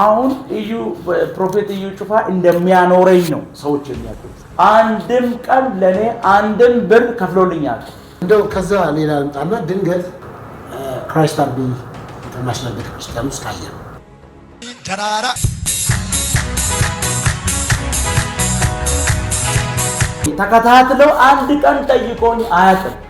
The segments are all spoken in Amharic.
አሁን እዩ ፕሮፌት እዩ ጩፋ እንደሚያኖረኝ ነው ሰዎች የሚያውቁት። አንድም ቀን ለእኔ አንድም ብር ከፍሎልኛል። እንደው ከዛ ሌላ ልምጣና ድንገት ክራይስት አርቢ ኢንተርናሽናል ቤተክርስቲያን ውስጥ አየ ነው ተራራ ተከታትለው አንድ ቀን ጠይቆኝ አያውቅም።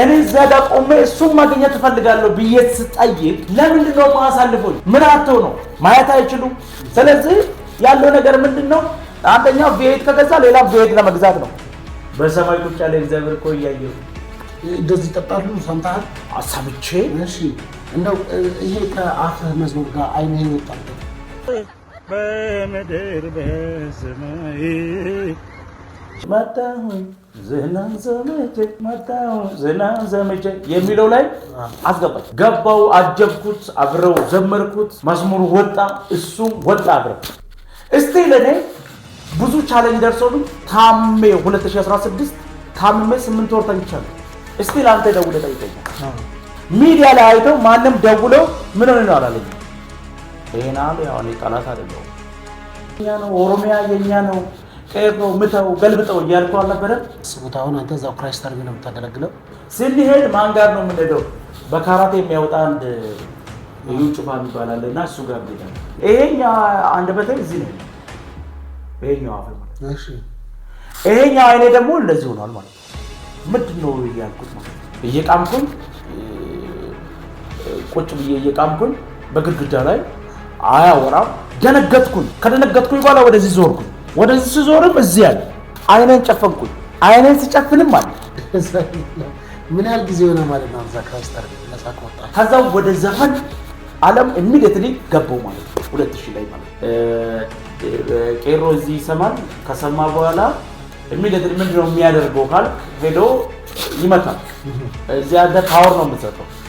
እኔ እዛ ጋር ቆሜ እሱን ማግኘት እፈልጋለሁ ብዬ ስጠይቅ ለምንድን ነው ማሳልፎኝ? ምን አተው ነው ማየት አይችሉም። ስለዚህ ያለው ነገር ምንድን ነው? አንደኛው ቤት ከገዛ ሌላ ቤት ለመግዛት ነው። በሰማይ ቁጭ ያለ እግዚአብሔር እኮ እያየሁ እንደዚህ ይጠጣሉ። ሰምተሃል? አሳብቼ እሺ፣ እንደው ይሄ ከአፍህ መዝሙር ጋር አይነ ይወጣል በምድር በሰማይ መጣሁኝ ዝናን ዘመቼ መጣሁኝ ዝናን ዘመቼ የሚለው ላይ አስገባች። ገባው፣ አጀብኩት፣ አብረው ዘመርኩት፣ መዝሙሩ ወጣ፣ እሱም ወጣ አብረው። እስቲ ለእኔ ብዙ ቻሌንጅ ደርሶብኝ ታሜ 2016 ታምሜ ስምንት ወር ተኝቻለሁ። እስቲ ለአንተ ደውለ ጠይቀኛል። ሚዲያ ላይ አይተው ማንም ደውለው ምን ሆነ ነው አላለኝ። ይህን አሉ ያው ጠላት አደለው። ኦሮሚያ የኛ ነው ቀየርነው ምተው ገልብጠው እያልኩ አልነበረ። ስቡት አሁን አንተ እዛው ክራሽ ታርሚ ነው የምታገለግለው። ስንሄድ ማን ጋር ነው የምንሄደው? በካራቴ የሚያወጣ አንድ የሚባል አለ እና እሱ ጋር አንድ በተን እዚህ ነው። ይሄኛው ይሄኛው አይኔ ደግሞ እንደዚህ ሆኗል ማለት ነው። ምንድን ነው እያልኩት እየቃምኩኝ ቁጭ ብዬ እየቃምኩኝ በግድግዳ ላይ አያወራም። ደነገጥኩኝ። ከደነገጥኩኝ በኋላ ወደዚህ ዞርኩኝ። ወደዚህ ስዞርም እዚህ አለ። አይነን ጨፈንኩኝ። አይነን ስጨፍንም አለ። ምን ያህል ጊዜ ሆነ ማለት ነው? ወጣ። ከዛ ወደ ዘፈን አለም ኢሚዲየትሊ ገባው ማለት ነው። ሁለት ሺህ ላይ ማለት ቄሮ እዚህ ይሰማል። ከሰማ በኋላ ኢሚዲየትሊ ምንድነው የሚያደርገው ካል ሄዶ ይመታል። እዚህ ያለ ፓወር ነው የምትሰጠው